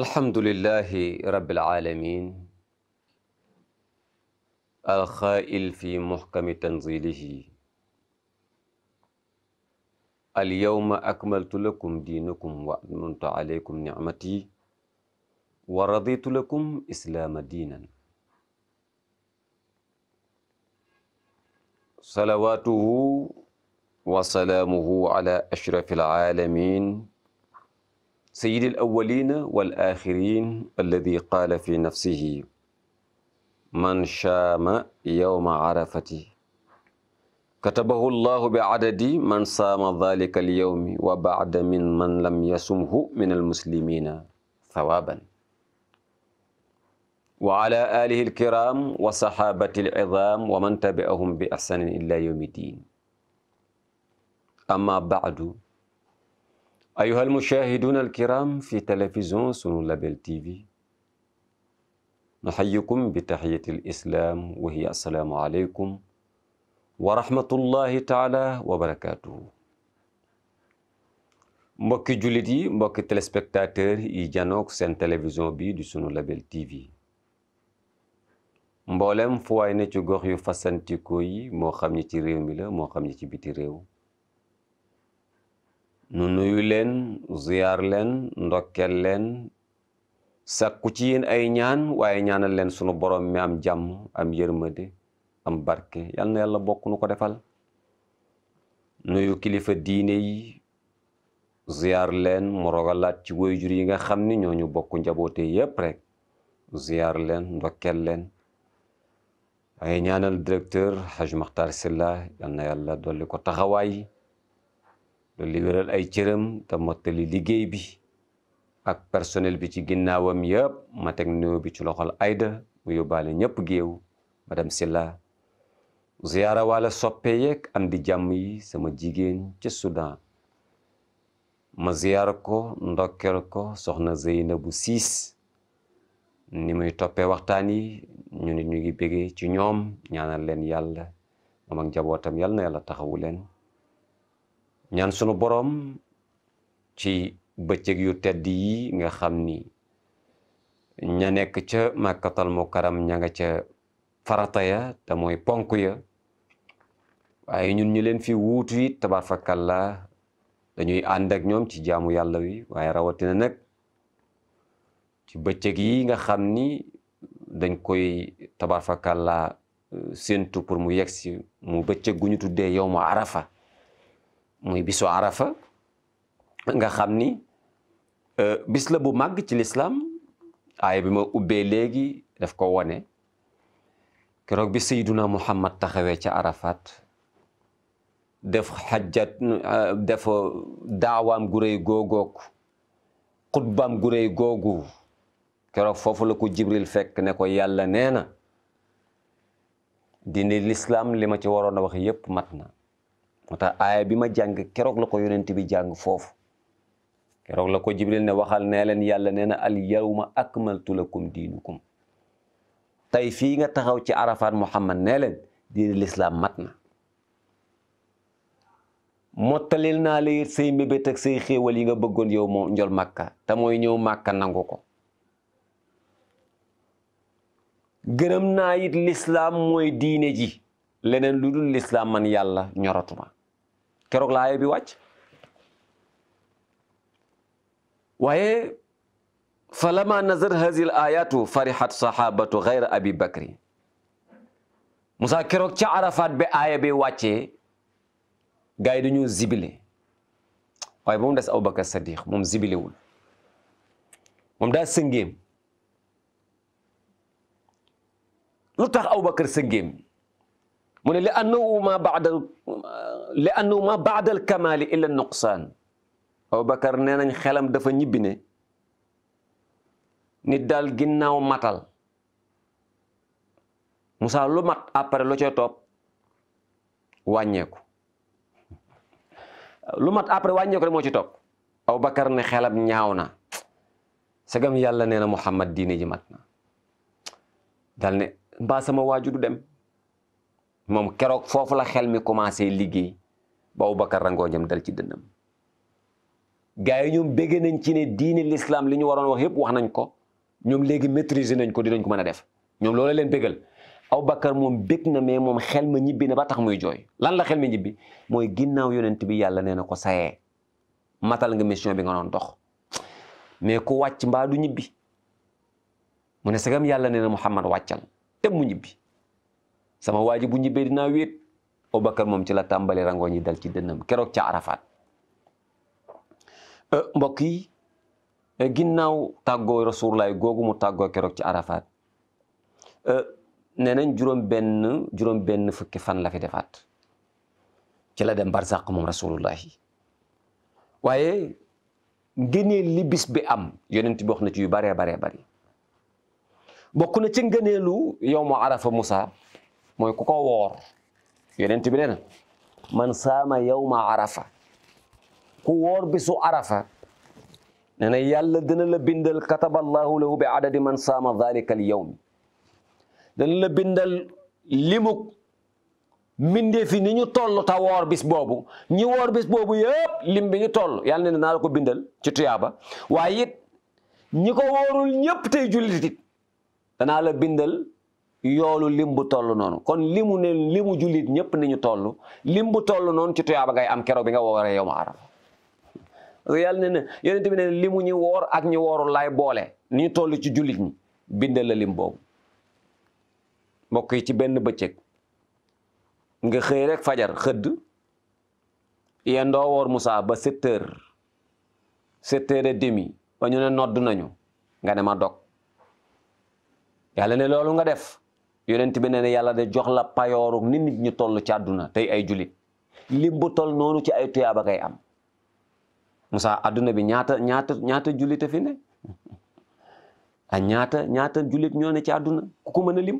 الحمد لله رب العالمين الخائل في محكم تنزيله اليوم أكملت لكم دينكم وأتممت عليكم نعمتي ورضيت لكم إسلام دينا صلواته وسلامه على أشرف العالمين سيد الأولين والآخرين الذي قال في نفسه من شام يوم عرفة كتبه الله بعدد من صام ذلك اليوم وبعد من من لم يصمه من المسلمين ثوابا وعلى آله الكرام وصحابة العظام ومن تبعهم بإحسان إلى يوم الدين أما بعد ayuhal mushaahiduuna alkiram fi télévision sunu label tv nuxayikum bi taxiyati lislaam wa hiya assalaamu aleykum wa rahmatullahi taala wa barakatuhu mbokki jullit yi mbokki téléspectateur yi janook seen télévision bi di sunu label tv mboolem fu waay ne ci gox yu fasantikoo yi moo xam ñi ci réew mi la moo xam ñi ci biti réew nu nuyu leen ziyaar leen ndokkel leen sakku ci yéen ay ñaan waaye ñaanal leen sunu borom mi am jàmm am yërmande am barke yal na yàlla bokk nu ko defal nuyu kilifa diine yi ziyaar leen mu rogalaat ci waajur yi nga xam ni ñooñu bokk njaboote yépp rek ziyaar leen ndokkeel leen waaye ñaanal directeur Haj Makhtar Sylla yal na yàlla dolli ko taxawaay lu libéral ay cëram te mottali liggéey bi ak personnel bi ci ginnaawam yëpp ma teg néew bi ci loxol Aida mu yóbbaale ñëpp géew madame Silla ziyaara wala soppe yeeg am di jàmm yi sama jigéen ca Soudan ma ziyaar ko ndokkeel ko soxna Zeynabu siis ni may toppe waxtaan yi ñu nit ñu ngi ci ñoom ñaanal leen yàlla moom ak njabootam yàlla na yàlla taxawu leen ñaan sunu boroom ci bëccëg yu tedd yi nga xam ni ña nekk ca màkkatal mukaram ña nga ca farata ya te mooy ponk ya waaye ñun ñu leen fi wuutu it tabarfakalla dañuy ànd ak ñoom ci jaamu yàlla wi waaye rawatina nag ci bëccëg yi nga xam ni dañ koy tabarfakalla euh, séentu pour mu yegsi mu bëccëg gu tuddee yow ma arafa muy bisu arafa nga xam ni euh, bis la bu màgg ci lislaam aaya bi ma ubbee léegi daf ko wone keroog bi sayduna muhammad taxawee ca arafat def xajjat euh, def daawaam gu réy googoog xutbaam gu réy googu keroog foofu la ko jibril fekk ne ko yàlla nee na dini lislaam li ma ci waroon a wax yépp mat na moo tax aaya bi ma jàng keroog la ko yonent bi jàng foofu keroog la ko jibril ne waxal nee leen yàlla nee na al yawma akmaltu lakum diinukum tey fii nga taxaw ci arafat muhammad nee leen diine lislaam mat na mottalil naa la it say mbébét xéewal yi nga bëggoon yow moo njol màkka te mooy ñëw màkka nangu ko gërëm naa it lislaam mooy diine ji leneen lu dul lislaam man yàlla ñoratuma keroog laaya bi wàcc waaye falama nazar hazil ayatu farihat sahabatu gayra abi bakri Musa keroog ca Arafat ba aaya bi wàccee gars yi dañoo zibile waaye ba mu des Abubakar Sadiq moom zibilewul moom daa sëngéem lu tax Abubakar sëngéem mu ne li annahu ma baada li annahu ma baada al illa nuqsaan Abubakar nee nañ xelam dafa ñibbine ne nit daal ginnaaw matal Moussa lu mat après lu cay topp wàññeeku lu mat après wàññeeku rek moo ci topp Abubakar ne xelam ñaaw na sagam yàlla nee na Muhammad diine ji mat na ne mbaa sama waaju du dem moom keroog foofu la xel mi commencé liggéey ba Abubakar rangooñam dal ci dënnam gars yi ñoom bégg nañ ci ne diin l'islam li ñu waroon wax yépp wax nañ ko ñoom léegi maîtriser nañ ko dinañ ko mën a def ñoom loolu leen bégal Abubakar moom bég na mais moom xel ma ñibbi na ba tax muy jooy lan la xel ma ñibbi mooy ginnaaw yonent bi yàlla nee na ko sayee matal nga mission bi nga noon dox mais ku wàcc mbaa ñibbi mu ne sagam yàlla nee na Muhammad wàccal te mu ñibbi sama waa ji bu ñibbee dinaa wéet Obakar moom ci la tàmbali rango ñi dal ci dënnam keroog ca Arafat euh, mbokk yi euh, ginnaaw tàggoo rasulullaay googu mu tàggoo keroog ci Arafat euh, nee nañ juróom benn fukki fan la fi defaat ci la dem barzaq moom rasulullahi waaye ngëneel libis bis bi am yonent bi wax na ci yu baree baree bari bokk na ci ngëneelu yow mu arafa Musa mooy ku ko woor yonent bi nee man saama yawma arafa ku woor bisu arafa nee na yàlla dina la bindal kataba allahu lahu bi adadi man saama dalika al dana la bindal limuk mbindee fi ni ñu toll ta woor bis boobu ñi woor bis boobu yëpp lim bi ñu toll yàlla ne naa la ko bindal ci tuyaaba waaye it ñi ko woorul ñëpp tey jullit danaa la bindal yoolu lim bu toll noonu kon limu ne limu jullit ñëpp ni ñu toll lim bu toll noonu ci tuyaaba ngay am keroog bi nga wooree yow ma arafa parce que yàlla ne ne yonent limu ñu woor ak ñu wooru laay boole ni ñu toll ci jullit ñi bindal la lim boobu mbokk yi ci benn bëccëg nga xëy rek fajar xëdd yendoo woor Moussa ba sept heures sept heures demi ba ñu ne nodd nañu nga ne ma dog yàlla ne loolu nga def yonent bi nee na yàlla de jox la payooru ni nit ñu toll ci àdduna tey ay julit lim bu toll noonu ci ay tuyaaba kay am Moussa àdduna bi ñaata ñaata ñaata julit a fi ne a ñaata ñaata julit ñoo ci àdduna ku ko mën a lim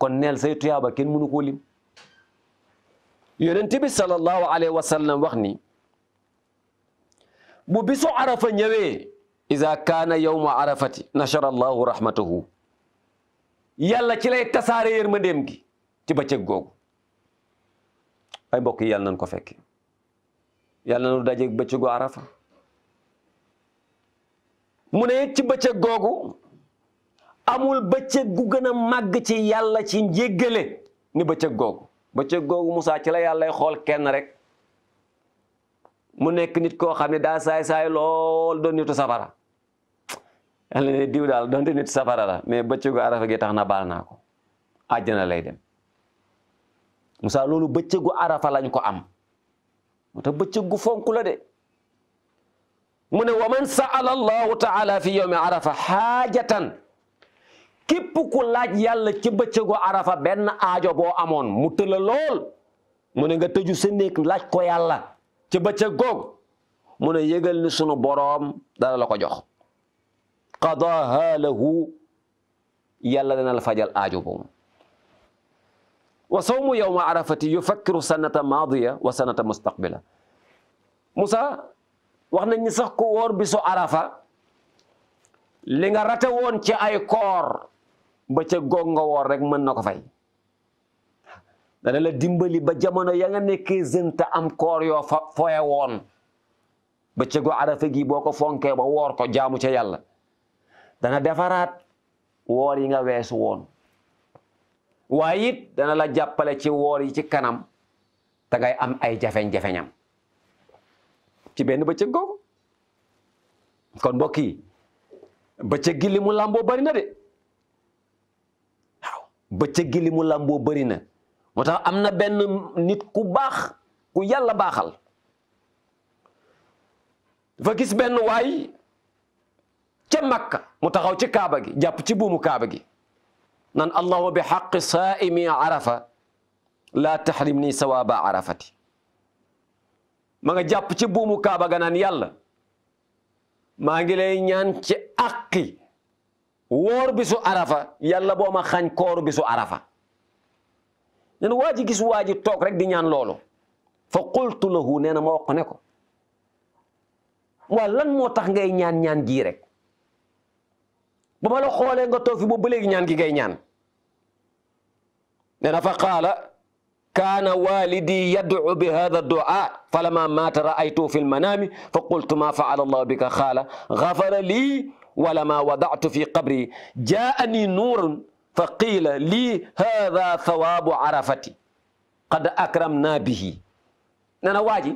kon neel say tuyaaba kenn mënu koo lim yonent bi sallallahu alayhi wa sallam wax ni bu bisu arafa ñëwee iza kaana yawma arafati nashara allahu rahmatahu yàlla ci lay tasaare yërmandeem gi ci bëccëg googu ay mbokk yi yàlla nañ ko fekki yàlla nañu dajeeg bëccëgu arafa mu ne ci bëccëg googu amul bëccëg gu gën a màgg ci yàlla ci njéggale ni bëccëg googu bëccëg googu Moussa ci la yàllay xool kenn rek mu nekk nit koo xam ne daa saay saay lool doon nitu safara yàlla ne diw daal donte nit safara la mais bëccëgu arafa gi tax na baal naa ko àjjana lay dem Moussa loolu bëccëgu arafa lañ ko am moo tax bëccëgu fonk la de mu ne wa man saala allahu taala fi yowmi arafa xaajatan képp ku laaj yàlla ci bëccëgu arafa benn aajo boo amoon mu tëla lool mu ne nga tëju sa laaj ko yàlla ci bëccëg googu mu ne yëgal ni sunu borom dara la ko jox qadaaha lahu yàlla dana la fajal aajo boobu wa sawmu yawma arafati yufakkiru sanata maadiya wa sanata mustaqbila Moussa wax nañ ni sax ku wóor bisu arafa li nga rate woon ci ay koor ba ca goog nga woor rek mën na ko fay dana la dimbali ba jamono ya nga nekkee zënta am koor yoo fa foye woon ba ca go arafa gi boo ko fonkee ba woor ko jaamu ca yàlla dana defaraat woor yi nga weesu woon waaye dana la jàppale ci woor yi ci kanam te am ay jafeñ-jafeñam ci benn bëccëg googu kon mbokk yi bëccëg gi li mu làmboo bari na de waaw bëccëg gi li mu moo tax am na benn nit ku baax ku yàlla baaxal dafa gis benn waay ca makka mu taxaw ci kaaba gi jàpp ci buumu kaaba gi nan allahuma bi xaqi saaimi arafa laa taxrim nii sawaaba arafati ma nga jàpp ci buumu kaaba ga naan yàlla maa ngi lay ñaan ci àqi woor bisu arafa yàlla boo ma xañ koor bisu arafa nen waa ji gis waa ji toog rek di ñaan loolu fa qultu lahu nee ma wax ko wa lan moo tax ngay ñaan ñaan giirek ba ma la xoolee nga toog fi boobu ba léegi ñaan gi ngay ñaan nee na fa qaala kaana walidi yadcu bi hada duaa falama maata raaytu fi lmanaami fa qultu ma faala allahu bika qaala gafara lii ولما وضعت في قبري جاءني نور فقيل لي هذا ثواب عرفتي قد أكرمنا به nana waaji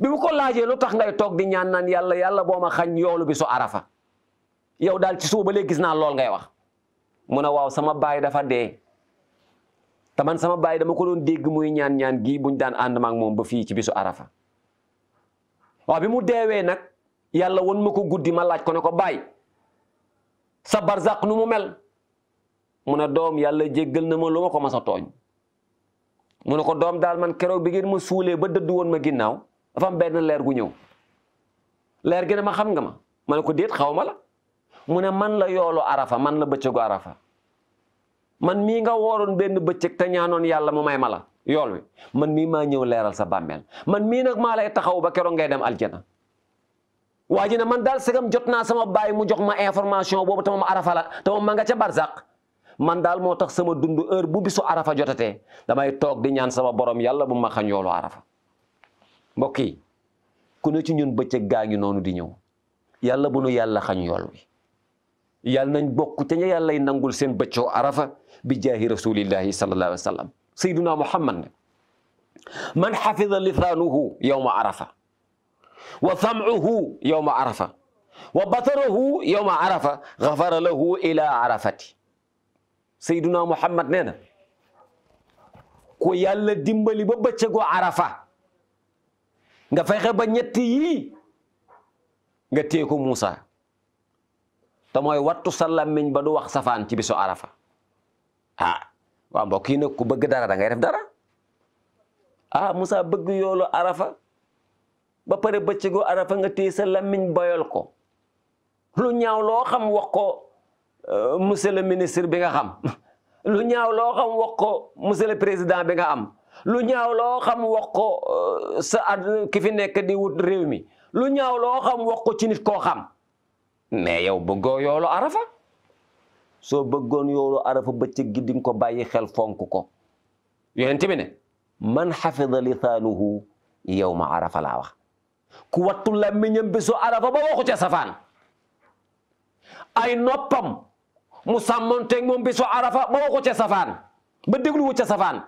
bi mu ko laajee lu tax ngay toog di ñaan naan yàlla yàlla boo ma xañ yoolu bi su arafa yow daal ci suba ba léegi gis naa lool ngay wax mu a waaw sama baay dafa dee taman sama baay dama ko doon dégg muy ñaan ñaan gii buñ daan ànd maak moom ba fii ci bisu arafa waa bi mu deewee nag yàlla won ma ko guddi ma laaj ko na ko baay sa barzaq nu mu mel mu ne doom yàlla jéggal na ma lu ma ko mas a tooñ mu ne ko doom daal man keroog bi ngeen ma suulee ba dëdd woon ma ginnaaw dafa am benn leer gu ñëw leer gi ne ma xam nga ma ma ne ko déet xaw ma la mu ne man la yoolu arafa man la bëccëgu arafa man mii nga wooroon benn bëccëg te ñaanoon yàlla mu may ma la yool wi man mii ma ñëw leeral sa bàmmeel man mii nag maa lay taxaw ba keroog ngay dem aljana waa ji ne man daal segam jot naa sama baay mu jox ma information boobu te moom arafa la te moom ma nga ca barzaq man daal moo tax sama dund heure bu bisu arafa jotatee damay toog di ñaan sama borom yàlla bu ma xañ yoolu arafa mbokk yi ku ne ci ñun bëccëg gaa ngi noonu di ñëw yàlla bu yàlla xañ yool wi yàlla nañ bokk ca ña yàllay nangul seen bëccoo arafa bi jaahi rasulillahi sallallahu alayhi wa sallam sayduna muhammad ne man xafida lisaanuhu yowma arafa wa samcuhu yowma arafa wa basarahu yowma arafa gafara lahu ila arafati sayduna muhammad nee na ko yàlla dimbali ba bëccëgu arafa nga fexe ba ñetti yii nga teeku Muusa te wattu sa làmmiñ ba du wax safaan ci bi bisu arafa ah waaw mbokk yi nag ku bëgg dara dangay ngay dara ah Moussa bëgg yoolu arafa ba pare bëccëgu arafa nga téye sa làmmiñ boyal ko lu ñaaw loo xam wax ko euh, monsieur le ministre bi nga xam lu ñaaw loo xam wax ko monsieur le président bi nga am lu ñaaw loo xam wax ko euh, sa ad ki fi nekk di wut réew mi lu ñaaw loo xam wax ko ci nit xam mais yow bëggoo yoolu arafa soo bëggoon yoolu arafa bëccëg gi di nga ko bàyyi xel fonk ko yonent man xafida lisaanuhu yawma arafa laa wax ku wattu làmmiñam bésu arafa ba waxu ca safaan ay noppam mu sàmmonteeg moom bésu arafa ba waxu ca safaan ba dégluwu ca safaan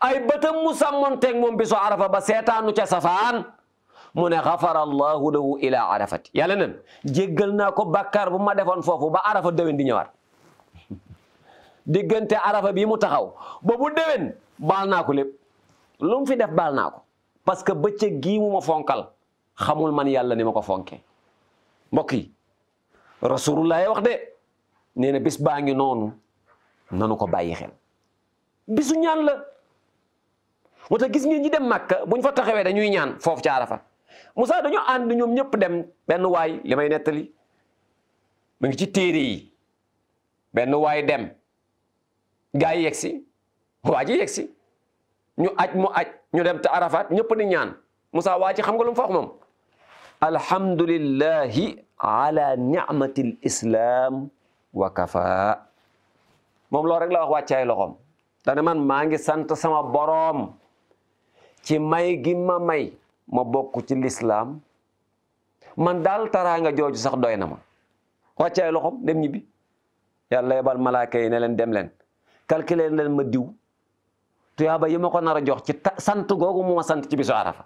ay bëtam mu sàmmonteeg moom bésu arafa ba seetaanu ca safaan mu ne xafara allahu lahu ilaa arafati yàlla nen jéggal naa ko bàkkaar bu ma defoon foofu ba arafa déwén di ñëwaat diggante arafa bii mu taxaw ba bu déwén baal naa ko lépp lu fi def baal naa ko parce que bëccëg gii mu ma fonkal xamul man yàlla ni ma ko fonke mbokk yi rasulullah wax de nee bis baa ngi noonu nanu ko bàyyi xel bisu ñaan la wata gis ngeen ñi dem màkka buñ fa taxawee dañuy ñaan foofu ci arafa Moussa dañoo ànd ñoom ñëpp dem benn waay li may nettali mu ngi ci téere yi benn waay dem gaa yi yegg si ñu aj mu aj ñu dem te Arafat ñëpp di ñaan Moussa waa ci xam nga lu mu fa wax moom alhamdulillahi ala ni'matil islam wa kafa moom loolu rek la wax wàccaay loxoom dana man maa ngi sant sama borom ci may gi may ma bokk ci lislaam man daal taraanga jooju sax doy na ma wàccaay loxom dem ñibbi yàlla yebal malaaka yi ne leen dem leen calculer leen ma diw tuyaaba yi ma ko nar a jox ci sant googu mu ma sant ci bisu arafa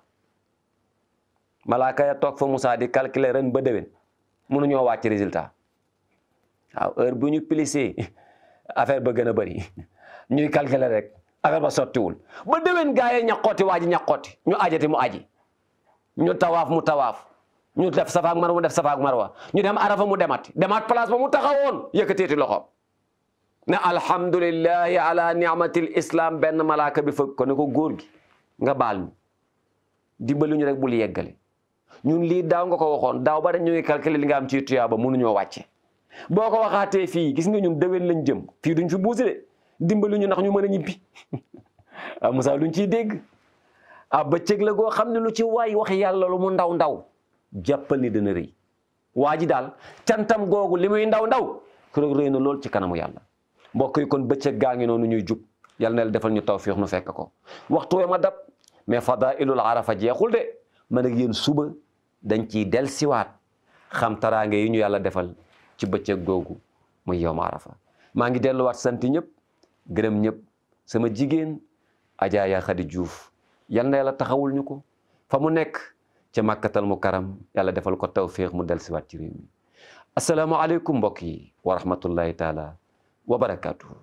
malaaka ya toog fa Moussa di calculer ren ba déwén mënuñoo wàcc résultat waaw heure bu ñu plissé affaire ba gën a bëri ñuy calculer rek affaire ba sottiwul ba déwén gaa yi ñaqooti waa ji ñaqooti ñu ajati mu aji ñu tawaaf mu tawaaf ñu def safa ak marwa mu def safa marwa ñu dem arafa mu demat demaat place ba mu taxawoon ti loxo ne alhamdulillahi ala ni'matil islam benn malaaka bi fëgg ko ne ko góor gi nga baal ñu dimbali ñu rek bul yeggale ñun lii daaw nga ko waxoon daaw ba ñu ngi calculer li nga am ci nu mënuñoo wàcce boo ko waxaatee fii gis nga ñun déwén lañ jëm fii duñ fi buusi de dimbali ñu ndax ñu mën a ñibbi ah Moussa luñ dégg. ah bëccëg la goo xam ne lu ci waay wax yàlla mu ndaw ndaw jàppal ni dana rëy waa ji daal cantam googu li muy ndaw ndaw kuro rëy na lool ci kanamu yàlla mbokk yi kon bëccëg gaa ngi noonu ñuy jub yàlla na ñu defal ñu tawfiix nu fekk ko waxtu we ma dab mais fadailul arafa jeexul de man ak yéen suba dañ ciy del siwaat xam taraange yi ñu yàlla defal ci bëccëg googu muy yow ma arafa maa ngi delluwaat sant ñëpp gërëm ñëpp sama jigéen Adja Ya Khady yal na yàlla taxawul ñu ko fa mu nekk ca màkkatal mu karam yàlla defal ko tawfiix mu dellusiwaat ci réew mi asalaamaaleykum mbokk yi wa rahmatullahi taala wa barakaatuhu